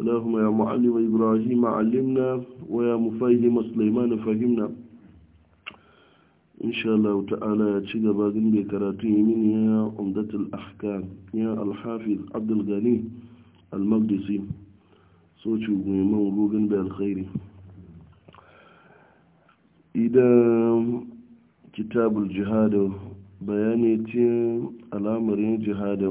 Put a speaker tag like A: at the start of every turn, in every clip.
A: اللهم يا معلم إبراهيم علمنا ويا مفاهم سليمان فهمنا إن شاء الله تعالى تشيغا باقين بكراتي من يا عمدة الأحكام يا الحافظ عبد الغني المقدسي سوچو ميمون روغن بالخير إذا كتاب الجهاد بياني تي الأمر جهاد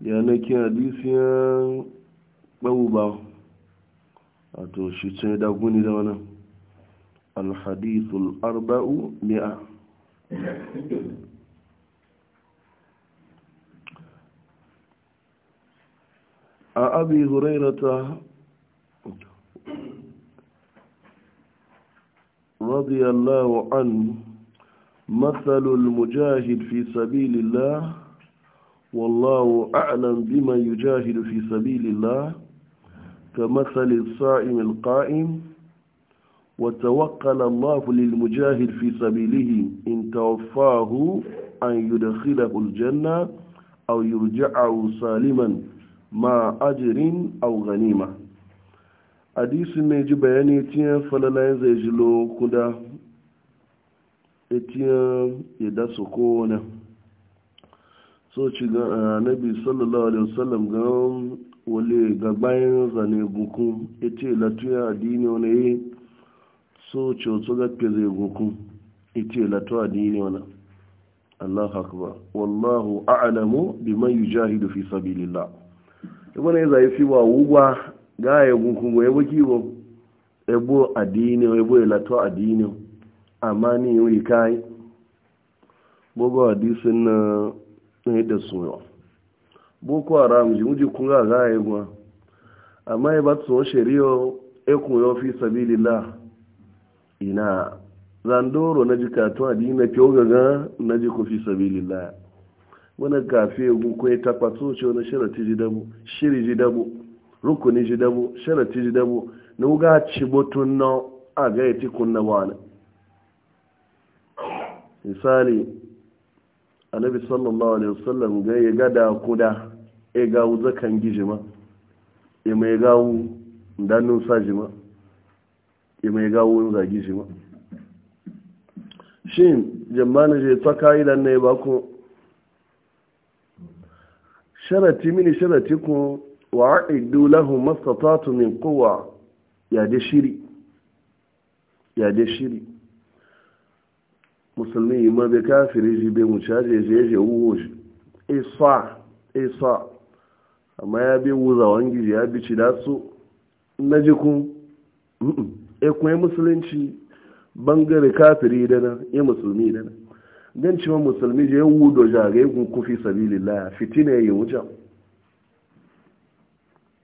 A: yana ki hadisiyan ɓauba a to shi ce da guni da wani alhadisul arba'u mi'a a abi hurairata رضي الله عنه مثل المجاهد في سبيل الله والله أعلم بما يجاهد في سبيل الله كمثل الصائم القائم وتوكل الله للمجاهد في سبيله إن توفاه أن يدخله الجنة أو يرجعه سالما مع أجر أو غنيمة hadisi ne ji bayani tiyan falalayen zai ji lokuda etiyan ya da su kowane Soci ga eh, anabi sallallahu alaihi wasallam ga wale ga bayan zane gukun ite latuya addini wani yi so ci wato ga kere gukun ite latuya adini wani Allah akbar wallahu a'lamu biman yujahidu fi sabilillah ibn ya zai fi wa wuwa ga ya gukun go ya waki go ebo addini ebo latuya adini, amma ni yi kai bogo hadisin na sun yi da suwa boko haram ji wuji kun ga ga yi gwa amma ya ba su wa shari'o ekun yau fi sabilillah ina zandoro na ji kato a dina kyau gaga na ji ku fi sabilillah wani kafi egun kwaye takwato ce wani sharati ji dabu shiri ji dabu rukuni ji dabu sharati ji dabu na wuga ci botun na a ga ya tikun na wani misali annabi sallallahu alaihi wasallam ga ya gada kuda ya gawo zakan gijima ya mai gawo dannin sajima ya mai gawo zagi gijima. shin jamana je ta ka'idan ne ba ku sharati mini sharati ku wa a'idu lahum mastatatu min quwwa ya de shiri ya de shiri musulmi ma bai kafiri shi bai wuce je je je wuwo shi isa isa amma ya bi wuza wangi ya bi ci da su na jikun e kuma musulunci bangare kafiri da na ya musulmi da na don cewa musulmi je wudo jaga ya kufi sabilillah fitina ya wuce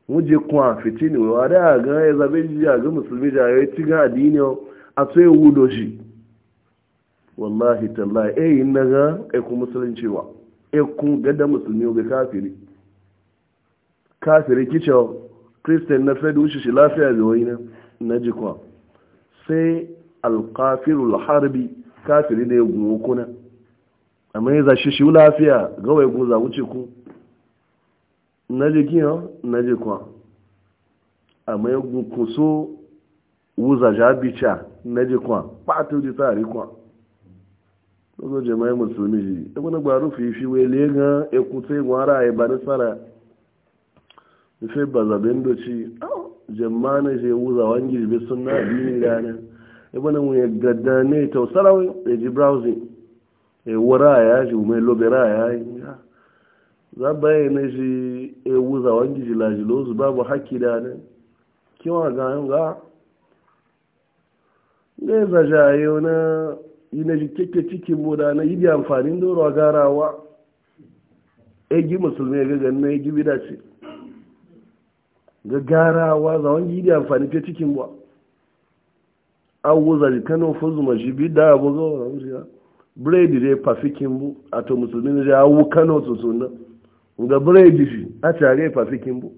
A: muje a fitini wa da ga ya zabe ji ga musulmi da ya ci ga adini a tsaye ya wudo shi wallahi tallahi eh yin daga aikun musulunci wa aikun eh, gada musulmi bai kafiri kafiri kicho kristian na fedi wuce shi lafiya da wani na jikwa sai alkafirul harbi kafiri da ya gunwo kuna amma ya zashi shi lafiya gawai gun za wuce ku na jikin na jikwa amma ya gun kuso wuza jabica na jikwa ba ta wuce tsari kwa zo jama'ai musulmi ji ibu na gbaru fifi wele ga ekute gwara ya ba nasara nufe ba zaben doci ah, jama'a na wuza wangi biyu gane ne ta ya ji browsing ya ya lobera ya yi ah, za bayan na ya e wuza wangi lajilo su babu da ne kiwa ga ah, ga ne na ina ji keke cikin muda na yi amfani da ruwa garawa egi musulmi ga ganin egi bida ce ga garawa za wani yi amfani ke cikin ba an wuza da kanon fuzu ma shi bi da abu ga wani shiga biredi dai pafikin bu a to musulmi na ya awu kanon su suna ga biredi shi a tare pafikin bu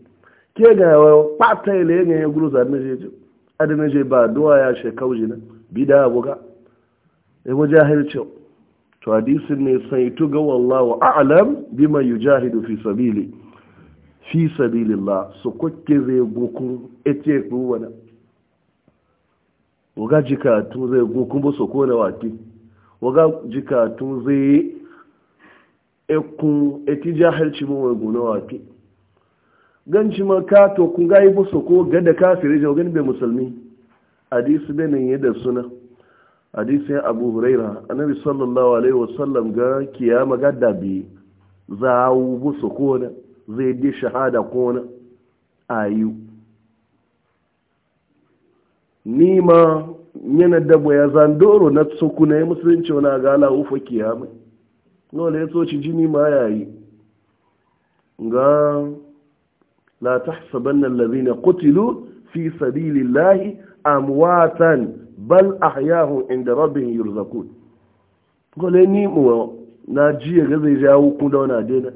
A: ke ga yawa pata ile yanayin guru na shi ya ce adana shi ba duwa ya shekau na bi da abu ga sai wajahilcin to hadisin ne sai tuga wallahu a'lam bima yujahidu fi sabili fi sabilillah su kuke zai gokun ete ku wala waga jikatu zai gokun ba su kona wati. waga jikatu zai ekun eti jahilci mun wai gona wati. ganci ma ka to kun ga yi busu ko ga da kafiri jau gani bai musulmi hadisi bai nan yadda suna hadisin abu huraira annabi sallallahu alaihi wasallam ga kiyama gadda za a wubu kona zai di shahada kona ayu nima yana dabo ya zandoro na tsoku na ya musulunci wani gala ufa kiyama nola ya tsoci jini ma yayi ga la tahsabanna allazina qutilu fi sabilillahi amwatan bal ahyahu inda rabbihim yurzakun gole ni mu na ji ga zai ja hukun da wani adena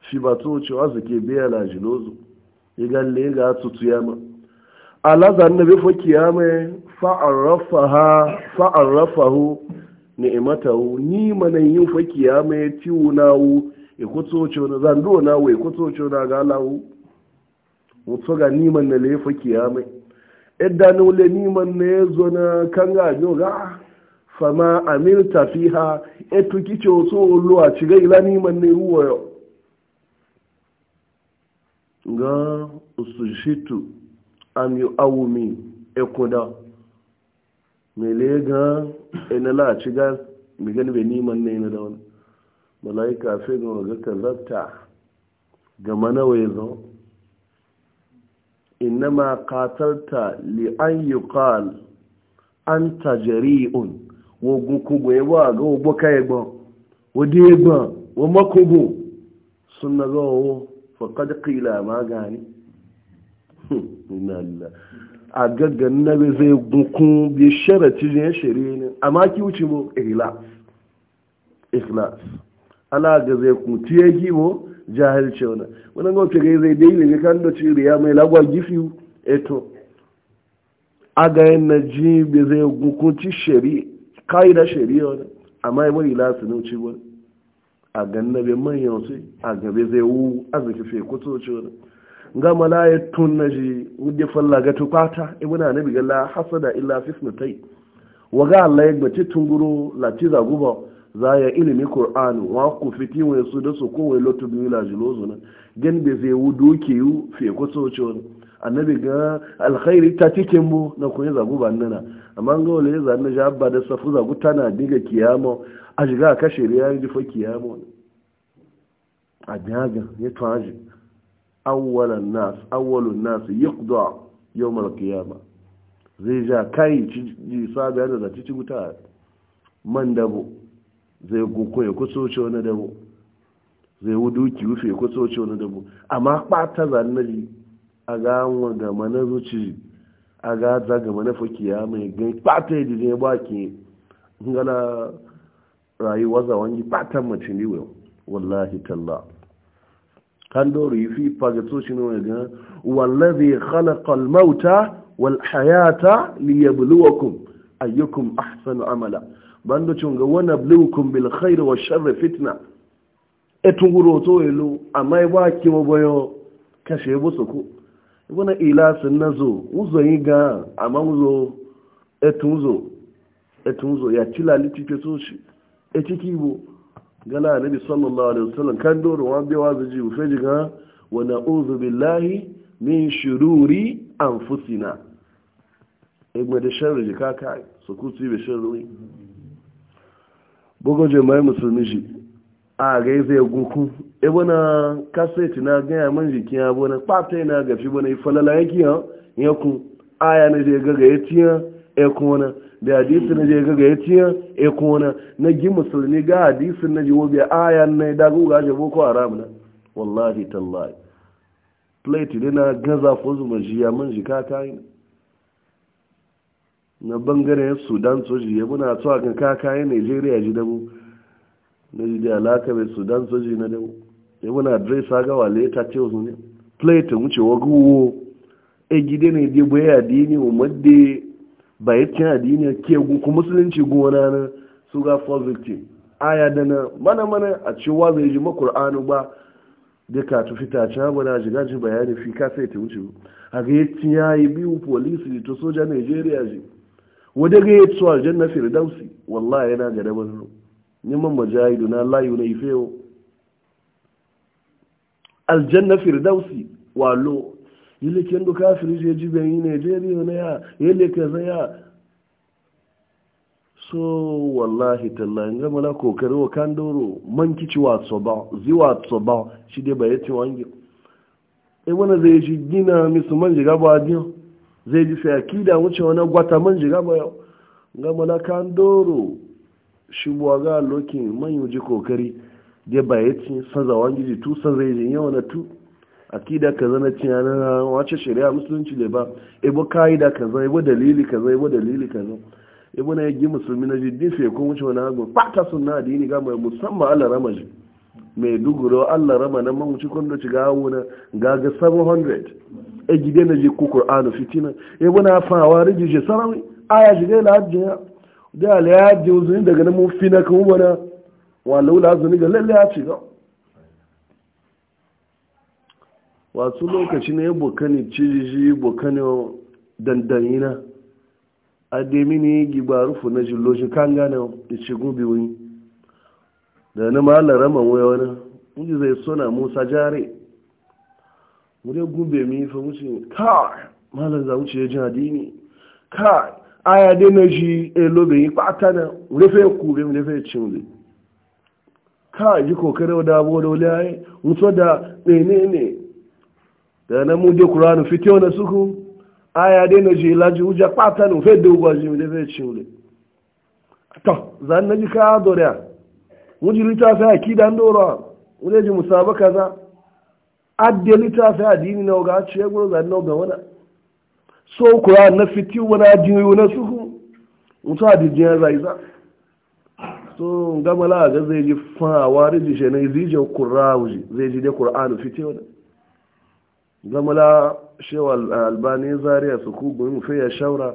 A: shi ba to wa zake biya la jilozo ya galle ga tutu ya ma alaza annabi fa kiyama fa'arrafaha fa'arrafahu ni'matahu ni manan yin fa kiyama ya tiwunawu ya kuto wani zan do na wai kuto wani ga lawu ga ni man na lefa kiyama idda na wule niman na ya zo na kan gajo ga fama amir tafiha etu kice wasu oluwa ciga ila niman na ruwa yau ga usushitu am yu awumi ekuda mele ga enala ciga mi gani bai niman na yana da wani malaika fi ga kaza ta ga manawa wai zo innama qatalta li an yuqal anta jari'un wo gunkugo ewa ga kayi boka egbo wo di wa wo makugo na ga wo faqad qila ma gani a gaggan na zai gunkun bi sharati ne shari'a ne amma ki wuce mo ikhlas ikhlas ala ga zai kutiye gibo jahilci wani wani ga ga zai dai ne kan da ci riya mai lagwa gifi eto ga yin na ji bi zai hukunci shari ka'ida shari wani amma yi wani lasu ne ci wani a ganna bai manyan su a gabe zai wu zai fe kuto ci wani ga malaya tun na ji wadda falla ga tukwata ibu e na gala hasada illa fisnatai waga allah ya gbace tunguro lati zaguba zaya ilimi qur'an wa ku fiti wa su da su kowai lotu bi la jilozo na gen be ze wudu ke yu fe ko so cho annabi ga alkhairi ta tike mu na ku za gu nana amma ga wale za na jabba da safu za gu tana diga kiyamo a jiga ka shari'a ji fa kiyamo a daga ya taji awwalan nas awwalun nas yaqda yawm al-qiyamah zai ja kai ci sabiya da ci guta man dabo zai kuku ya wuce wani dabo, zai wudu ki rufe ya wuce wani dabo. amma ɓata zanari a ga wa gama na zuci a ga zaga gama na fakiya mai gani ɓata yadda zai ba ki ngana rayuwa za wani ɓatan mace ne wa wallahi talla kan doro yi fi faga tsoci ne wani gana. wallazi khalaqal mauta wal hayata liyabluwakum ayyukum ahsanu amala bando chunga wana blukum bil khairu wa sharri fitna etunguro to elu amai ba ki boyo kashe bo soko wana ila sunnazo uzo yiga ama uzo etunzo etunzo ya tila litipe soshi etikibo gala nabi sallallahu alaihi wasallam kan doro wa be wazuji ufeji ga wa na'udhu billahi min shururi anfusina egbede sharri jikaka sokuti be sharri bugun jami'ai musulmi shi a gai zai guku ebe na kaseti na gaya man jikin abu na kpata na gafi bane falala yake ya yaku aya na je gaga ya tiya ya kona da hadisi na je gaga ya tiya ya kona na gi musulmi ga hadisin na jiwo bi aya na da guga je boko haram na wallahi tallahi plate dina gaza fozu majiya man jika ta yi na bangaren sudan soji ya muna so a kan kakayen nigeria ji damu na ji da alaka mai sudan soji na damu ya muna dresa ga gawa ta ce wasu ne plate wuce waguwo e gide ne dai bai adini wa madde bai cin adini ke ku musulunci gona na su ga fall victim aya da na mana mana a cewa bai ji makur'anu ba duka ta fita ta bana shiga ji bayani fi kasa ya ta wuce a ga ya yi biyu polisi to soja nigeria ji wadda ga yi tsuwa na firdausi wallahi yana ga dabar ru neman majahidu na layu na ifewo aljanna firdausi walo yile kendo kafiri je jibe yi nigeria na ya ka kaza ya so wallahi talla, in zama na kokari wa kandoro, man kici watso ba ziwa tsoba, ba shi dai bai yace wangi e wani zai shi gina misu man jiga ba adiyo zai ji fiyaki da wuce wani gwata man ji gama yau gama na kan doro shi buwa ga lokin man yi ji kokari da bayaci sazawan gidi tu sazai yi yawa na tu akida kaza na cin yana wace shari'a musulunci da ba ibo ka'ida kaza ebo dalili kaza ebo dalili kaza ibo na yi musulmi na sai fiye kun wuce wani agon kwata sunna addini gama musamman allah ramaji maiduguro allah rama na mamuci kwanda ci gawo na gaga 700 e gide na ji ku qur'anu fitina e bana fawa riji je sarawi aya je ga laji da la ya hajji uzuni daga nan mun na kan bana wallau la uzuni ga lalle ya ci ga wasu lokaci ne bokani ciji bokani dandanina ademini gibarufu na jilloji kan gane ci gubi wani da ma malar raman waya wani inji zai suna musa jare wuri gube mi fa wuce kai malar za wuce ya ji aya dai na ji elobe eh, yi kwata na rufe kube rufe cimle kai ji kokarin da abuwa da wuli ayi mutu da ɗene ne da na mu dai kuranu fitiyo na suku aya dai na ji wuja kwata na to zan na ji ka wuji littafi a kidan dora wule ji musaba kaza adde littafi a dini na ga ce ya gura zan ga wani so kura na fiti wani ajiyoyi na suhu mutu a dijiyar za so gama la ga zai ji fawa riji shi na zije kura wuji zai ji da kur'anu fiti wani gama la shewa albani zariya su ku mu fiye shaura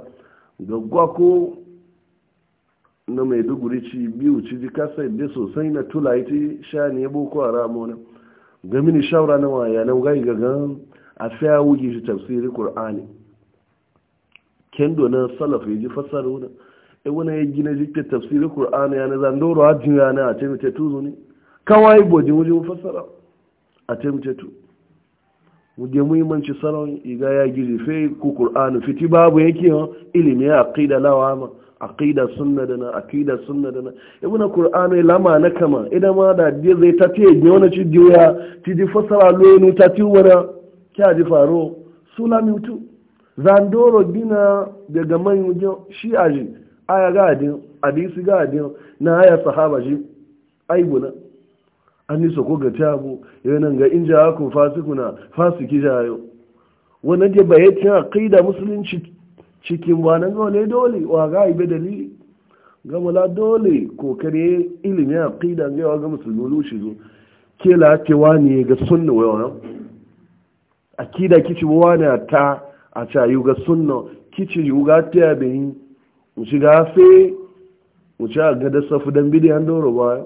A: ga gwako na maiduguri ci biyu ci ji kasa yadda sosai na tula ita sha ne boko a wani gami ne shawara na waya na gai ga gan a fiya wuge shi tafsiri kur'ani kendo na salaf ya ji fassara wuna e wuna ya gina jikin tafsiri kur'ani ya na zandoro hajji ya na a taimake tuzo ne kawai bojin wajen fassara a taimake tuzo wuje muhimmanci salon iga ya gizi ku kur'anu fiti babu yake ho ilimi ya aqida lawama aqida sunna dana aqida sunna dana ibn ya lama na kama idan ma da biyar zai tafi ne wani ci diya ti ji fasara lonu tafi wani kya ji faro sulami mutu zandoro gina daga man wujo shi aji aya ga adin hadisi ga adin na aya sahaba ji aibuna an nisa ko ga tabu yana ga inja hakun fasikuna fasiki jayo wannan da a kaida musulunci cikin ba nan ga wani dole wa ga ibe dalili ga la dole ko kokare ilimi aqida ga wa ga musulmi lushi zo ke la ke wani ga sunna wa wannan akida kici wani ta a ca yi ga sunna kici yi ga ta bin mu shiga fe mu cha ga da safu dan bidiyan doro ba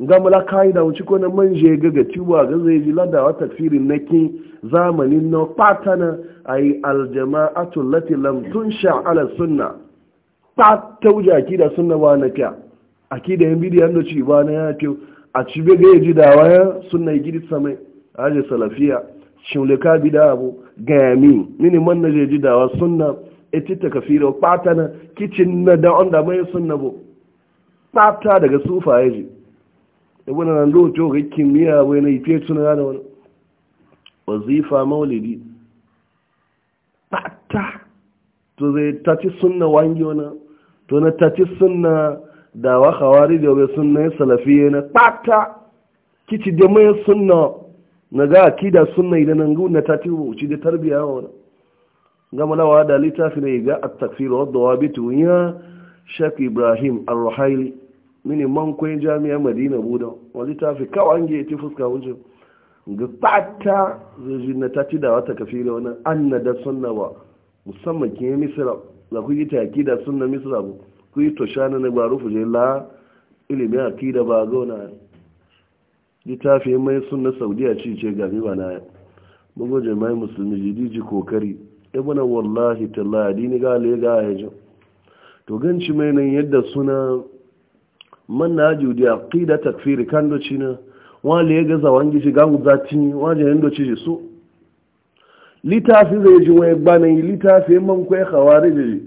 A: ga mulaka da wuce ko na manje ga ga tiwa ga zai ji lada wa tafsirin naki zamanin na patana ay aljama'atu lati lam tunsha ala sunna ta tauja ki da sunna wa na kya akida yan bidiyan da ci ba na ya ce a ci be ga ji da waya sunna gidi same aje salafiya bi da abu gami mini man na je ji da wa sunna eti ta kafiro patana kicin na da onda mai sunna bo pata daga sufa yaji wani nan lokacin ga kimiyya wai na ife tuna da wani wazifa maulidi ta to zai tati suna wangi wani to na tati suna da wa khawari da wai salafi ya na ta kici da mai suna na ga akida suna idan an gudun na tati wuce da tarbiya wani gama lawa da littafi ne ga rawar da wa bitu ya shak ibrahim al ruhaili mini man kwayin jami'ar madina buda wani tafi kawai ya ci fuska wuce ga fata zai na ta ci da wata kafi da wani an na da sunna ba musamman ke yi misira da ku yi taki da sunna misira ba ku yi to shanu na ba fuje la ilimin da ba gona littafi mai sunna saudiya ci ce gami ba na mugu jami'ai musulmi ji kokari ibina wallahi tallahi dini ga le ga ya to ganci mai nan yadda suna man na judi aqida takfiri kan do cina wale ga zawan gishi ga guzati waje ndo ci su litafi zai ji wai gbana litafi man ko khawarij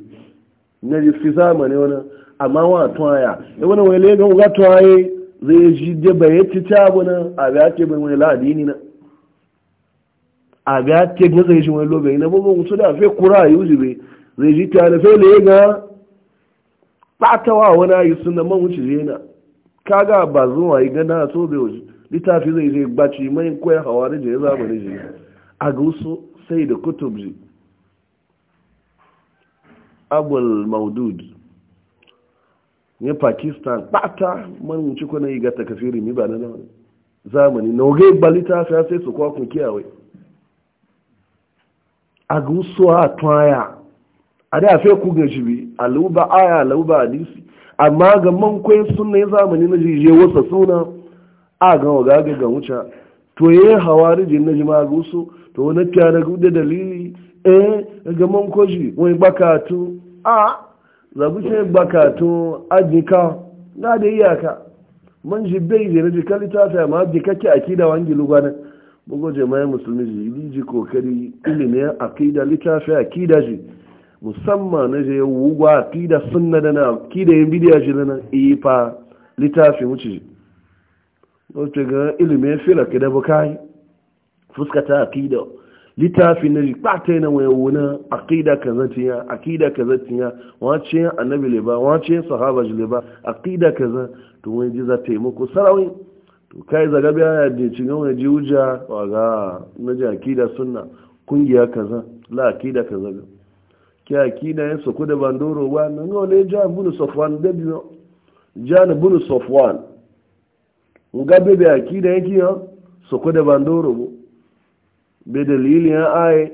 A: na ji fi zamane wana amma wa toya e wana wai le ga ga toye zai ji de ta tabuna a ga ke bai wani ladini na a ga ke zai ji wani lobe na bugun su da fe kura yuzi be zai ji ta da fe le ga ɓatawa wani yi suna man wuce jena kaga ba zuwa yi gana so bai wuce littafi zai zai gbaci mai koyar hawa da jere zaba da jere a gusu sai da kutub ji abul maudud ne pakistan ɓata man wuce kuna yi gata kafiri ni ba na nan zamani na oge gba littafi sai su kwakun kiyawai a gusu a tuwaya a da sai ku gashi bi aluba aya aluba hadisi amma ga man kwayin sunna zamani na jije wasa suna a ga ga ga ga wuce to yayi hawarijin na jima ga su to na tare da dalili eh ga man koji wani bakatu a zabu sai bakatu ajika na da iyaka man ji bai je na jika litata ma jika ki akida wangi lugana bugo mai musulmi ji ji kokari ilimin akida litafi akida ji musamman na je wugwa ti da sunna da na ki da yin bidiya shi na ifa e, littafi wuce wata ga ilimin fila ki da bukai fuskata akida littafi na ji rikpata yana wani wuna akida kazatiya akida kazatiya wace annabi liba wace sahaba shi liba akida kaza to wani ji za taimako sarawin to kai zaga biya ya dinci ga wani ji wuja waga na ji akida sunna kungiya kaza la akida kaza ke akida yin soko da bandoro ba na nga wale ja bunu sofwan da biyo ja na bunu sofwan nga bebe akida yin ya soko da bandoro bu be dalilin ya aye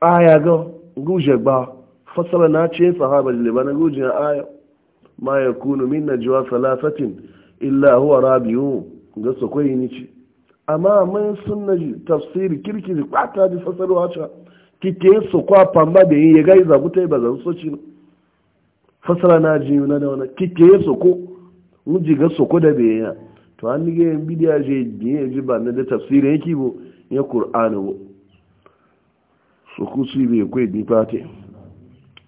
A: aya ga guje ba fasala na ce sahaba da libana guje ya aya ma ya kunu min na jiwa salafatin illa huwa rabiyu ga soko yi ni ci amma mun sunna tafsiri kirkiri kwata da fasarwa ta kike su kwa pamba da yin ya gai zagutai ba zan so ci fasara na ji na da wani kike su ko mun ji ga su ko da bai ya to an nige yin bidiya je biye ji ba na da tafsirin yake bo ya qur'ani bo su ku su bai ku ni fate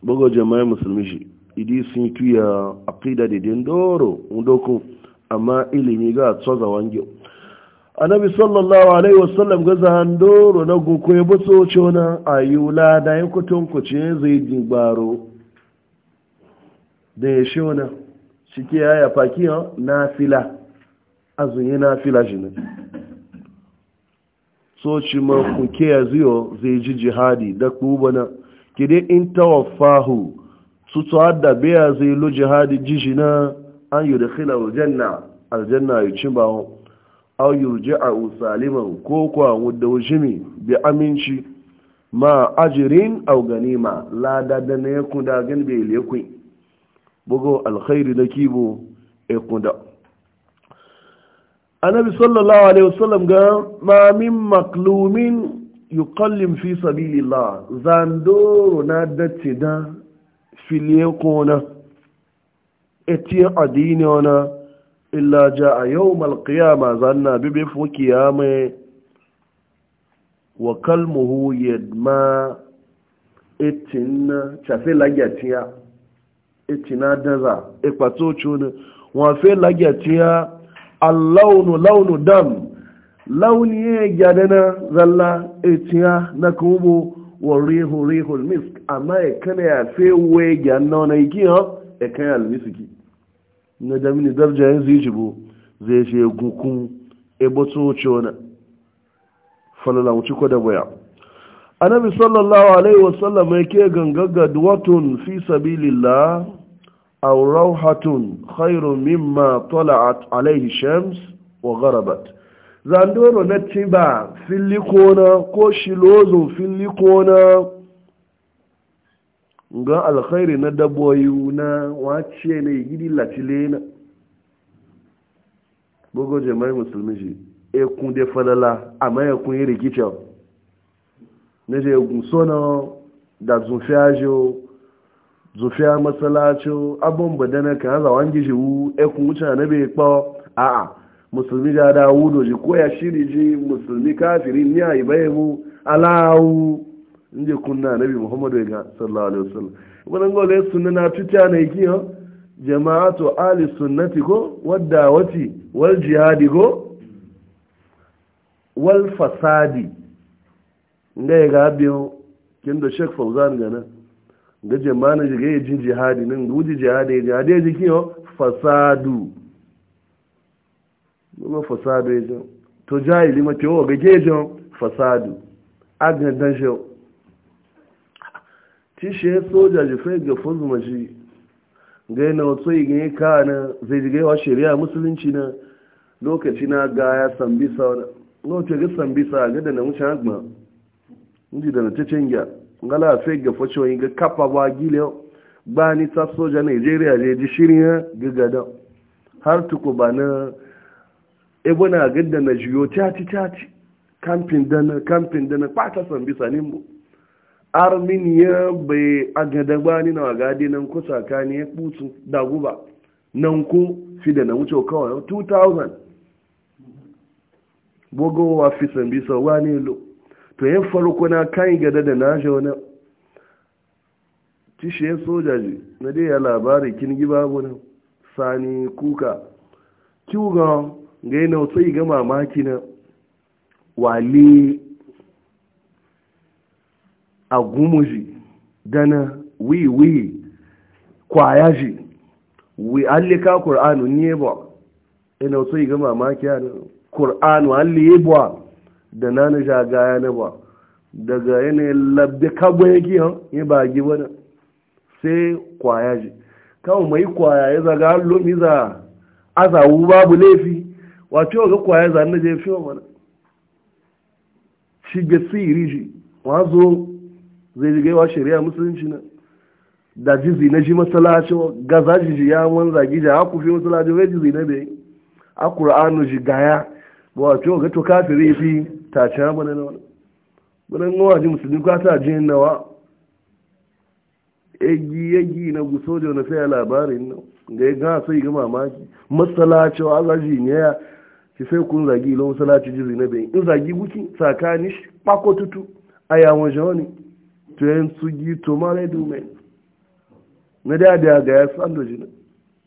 A: bugo jama'a musulmi shi idi sun tuya aqida de dendoro mun doko amma ilimi ga tsoza wangyo annabi sallallahu alaihi wasallam ga doro na goko ya butso cona a wula. da ya kutun kuce zai dibaro da ya shona shi ke faki fakiya na fila azunye na fila shi ne so ci ma kuke ya ziyo zai ji jihadi da kubana kide in tawaffahu su da biya zai lu jihadi jishina an yi da khila aljanna aljanna yi cin bawon aw yurji'u saliman ko kwa wadda wajimi bi aminci ma ajirin aw ganima la da da ne ku da gan be le ku bugo alkhairi da kibo e ku da annabi sallallahu alaihi wasallam ga ma min maqlumin yuqallim fi sabilillah zandoro na da tida filiye kona adini ona illa ja a yau malkiyama zanna bibi fuki ya mai wa kalmuhu yadma itin chafe lagyatiya itina daza ikpato chuni wọn fe lagyatiya allaunu launu dam launi ya gyadana zalla itiya na kubo wa rihu rihu misk amma ya kana ya fe we gyanna wani ikiyan ya kan almisiki na damini darja yanzu yi bu zai je gukun ebo tsoci wani falala wuce ko da baya annabi sallallahu alaihi wasallam yake gangaga duwatun fi sabilillah aw hatun: khairun mimma tala'at alaihi shams wa garabat zandoro na tiba filikona ko shilozun filikona ga alkhairi na daboyi na wace ne gidi latile na bugu jama'i musulmi shi ekun de falala amma e kun yi rikica na je egun sona da zufiya jo zufiya masalacin abin badana ka haza wangi shi wu ekun wuce na bai a a'a musulmi da da wudo ji koya shiri ji musulmi kafiri ni a mu alawu inda kunna nabi muhammadu ga sallallahu alaihi wasallam wannan gole sunna na tuta ne ki jama'atu ali sunnati ko wadda wati wal jihadi ko wal fasadi ngai ga biyo kin da shek fauzan gana ga jama'a ji ga yin jihadi nan guji jihadi jihadi ji fasadu kuma fasadu ya to jahili ma ke ga fasadu agan dan tishe soja ji fai ga fuzu mashi ga yana wato yi ganye ka na zai ji gaiwa shari'a musulunci na lokaci na ga ya sambisa wani lokaci ga sambisa ga da na wuce agba inji da na ta canja ngala fai ga fashe wani ga kafa ba gile ba ni ta soja nigeria ne ji shirin ya gagada har tuku ba na ebo na gadda na jiyo tati tati kamfin dana kamfin dana kwata sambisa ne mu arminiya bai agadagba ni na gadi nan ku tsakani ya kutu nan ku fi da na wuce kawai 2000 bogowa fi san bisa wani lo to yin farko na kan gada da na shi wani tishe sojaji na dai ya labari kin giba wani sani kuka kiwuga ga yi na otu iga mamaki na wale A agumuji dana wiwi kwayaji wi allika qur'anu ne ina so yi ga mamaki an qur'anu alli ba da nana jaga ya na ba daga yanayin labbe kagbo ki yan ya ba gi wani sai kwayaji kawo mai kwaya ya zaga lomi za a zawu babu laifi wato ga kwaya za na je fiye mana shi ga siri shi wazo zai ji gaiwa shari'a musulunci na da jizi na ji masalaci ga za ji ji ya wanza gija haku fi masalaci zai jizi na bai a ƙura'anu ji gaya ba wa cewa gato kafiri fi ta ha bane na wani bane nawa ji musulmi ka ta ji nawa egi egi na guso da na sai labarin nan ga ya gana sai ga mamaki masalaci wa za ji ne ya ki sai kun zagi ilo masalaci jizi na bai in zagi buki tsakani kpakotutu a yawon jawani to yanzu gi to ma na idu mai na da a ga ya san da jina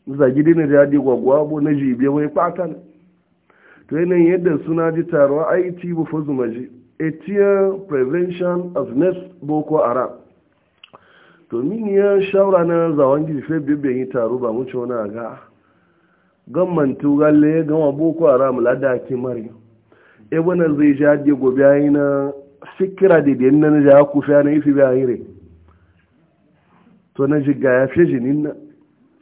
A: zagi dai na da gwagwa bo na jibe wai fata ne to yanayin yadda suna ji taruwa it bu fuzu maji etiyan prevention of next boko haram to min ya shawara na zawon gife bibin yi taro ba muce wani ga gamman tugalle ya gama boko haram ladakin mari e na zai ji hadi gobe yayi na sikira de de nan ja ku fiya na ifi ba yire to na ga ya fiye jinin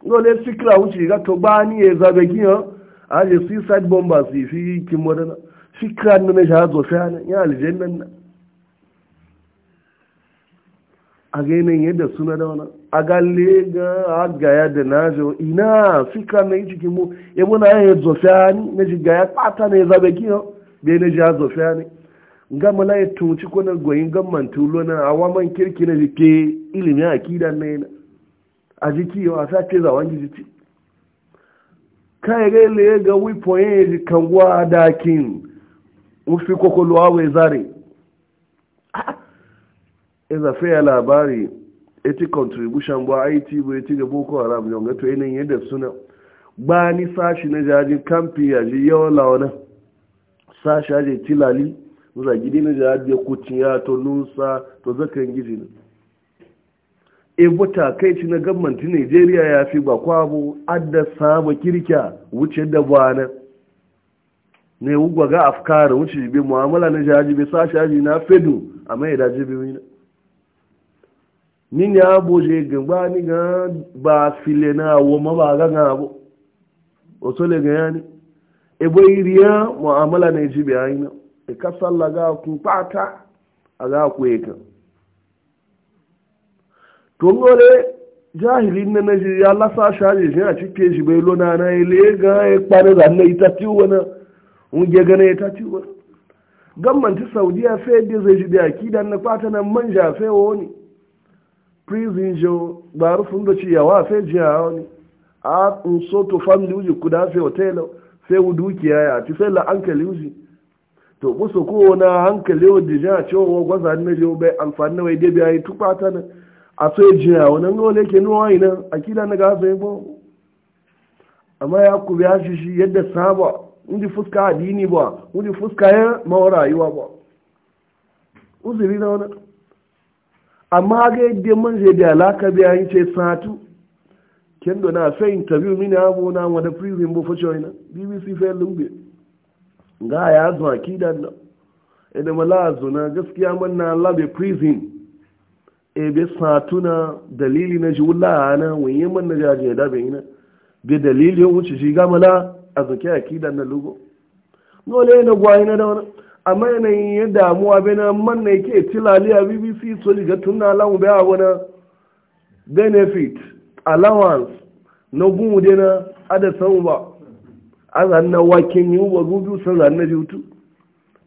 A: na le sikira wuci ga to ba ni za zabe giya a je side bomba si fi ki modan sikira na ja zo fiya na ya aljannan na a ga yanayin yadda suna da wani a le ga agaya da na najo ina sikira na yi cikin mu ya muna ya zofiya ne ji ga ya pata ne za zabe giya be ne ja zofiya ne gama la ya e tunci kwanar gwayin gamman tulo na awa man kirki na jike ilimin akida na yana a jiki yau a sace zawon jiki kai ga ile ya ga wipo yin ya jikan gwa dakin ufi kokolowa wai zare ya zafe ya labari eti contribution ba it bu eti ga boko haram ne ga to yanayin yadda suna ba ni sashi na jajin kamfi yaji yawan lawana sashi aje tilali za gidi na jihar ya kucin ya to nusa to zakan gizi na e wata kai ci na gammanti nigeria ya fi ba kwabo adda sama Kirkiya, wuce da bana ne wugwa ga afkara wuce bi mu'amala na jihadi bi sashi aji na fedu a mai da jibi wina ni ya boje gaba ni ga ba file na wo ma ba ga ga bo o so le ga yani e boy riya mu'amala na jibi aina e ka salla ga ku pata a ga ku eka to ngole jahilin na na ya lasa shaje shi a cike shi bai lona na ile e ga ya e kwana da na ita e ci wani un ge gana ita ci wani gamman ti saudiya fe da zai ji da kidan na kwata nan manja fe wani prison jo ba rufin da ci yawa fe ji a wani a in so to family uji kuda fe hotel fe dukiya ya ti fe la ankali uji to musu kowane hankali da jiya cewa gwaza na jiya bai amfani na wai dai biya yi tukpa ta nan a so ya jiya wani wani ke nuwa wani nan a kila na gaza yi ba amma ya ku biya shi shi yadda saba wani fuska addini ba wani fuska ya mawa rayuwa ba uzuri na wani amma ga yadda man zai da alaka biya yi ce satu kendo na sai interview mini abu na wani prison bu yi wani bbc fair lumbe ga ya zuwa kidan nan idan mala zuna gaskiya manna labe prison e be satuna dalili na ji wula na wunye man na jaje da be ina be dalili wuce shi ga mala azuke akidan na lugo dole na gwai na da wani amma yanayin ya damuwa be na manna na yake tilali a bbc so ga tun na alamu be a wani benefit allowance na gumu dai na adasan ba azan na wakin yi wa gudu sun zan na jutu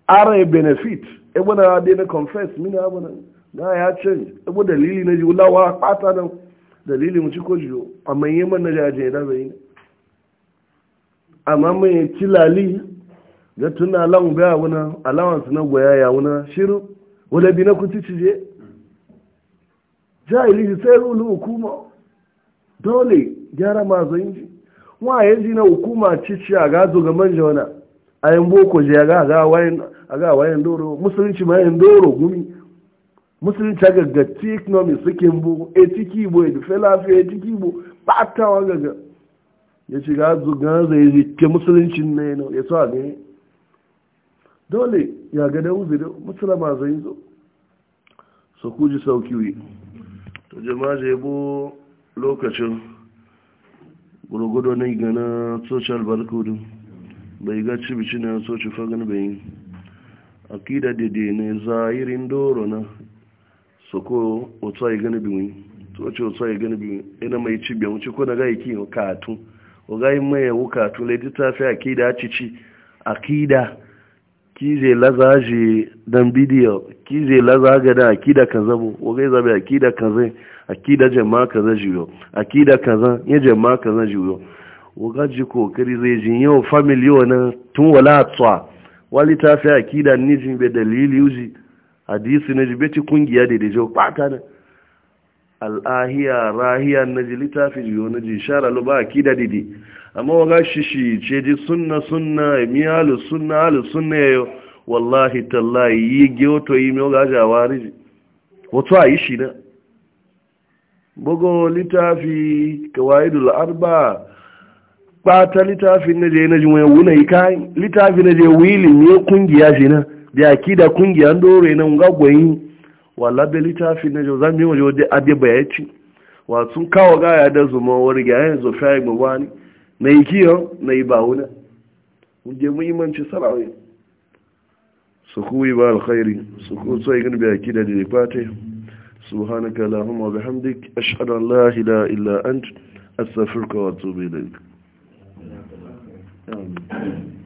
A: ara benefit ebo na ade na confess mini abu na na ya change ebo dalili na ji wa pata na dalili mu ci ko jiyo amma yi man na jaje da bai ne amma mai tilali da tuna lan ga wuna allowance na goya ya wuna shiru wala bi na kuti cije jahili sai rulu hukuma dole gyara mazan yi. nwaanyị ji na hukuma chichi a ga-azụ ga manja a ayin boko je a ga wayan doro musulunci ma yin doro gumi musulunci a ga tiknomi suke mbu etiki igbo edufe lafiya etiki igbo batawa ga ga ya ci ga azụ ga zai rike musulunci ne ya so a gani dole ya ga da uzuri musulama zai zo su kuji sauki wi to jama'a zai bu lokacin gurgudu na gana social barkudu bai ga cibici na soci fagen bayin akida dede ne zahirin doro na soko otu ayi gani biyu soci otu ayi gani biyu ina mai cibiya wuce ko na ga iki katu o ga yi mai yawu katu lai ta fi akida cici akida kije laza je dan bidiyo kije laza ga da akida kaza mu wagai zabe akida kaza akida jama'a kaza jiyo akida kaza ya jama'a kaza jiyo ga ji kari zai ji yau family wannan tun wala tswa wali ta fi akida ni jin be dalili uji hadisi ne ji beti kungiya da dejo kwata na al'ahiya rahiya na ji littafin yiwu na ji shara lu ba ki da didi amma waga shi shi ce ji suna suna mi halu sunna halu sunna yayo wallahi tallahi yi gyoto yi mi waga jawa riji wato a yi shi na bugo littafi kawaidul arba bata littafi na je na ji wani wuna yi kayan littafi na je wili ne kungiya shi na da ki da kungiya ndore na ngagwayin wala be littafi na jau zan yi waje wajen ya bayaci wa sun kawo gaya da zuma wani gaya yanzu, fiye gbogbo wani na yi kiyo na yi ba wuna wuje muhimmanci sarawai su kuwi ba alkhairi su kuwi tsoyi gani bai akida da ya fata سبحانك اللهم وبحمدك أشهد أن لا إله إلا asafirka أستغفرك وأتوب da آمين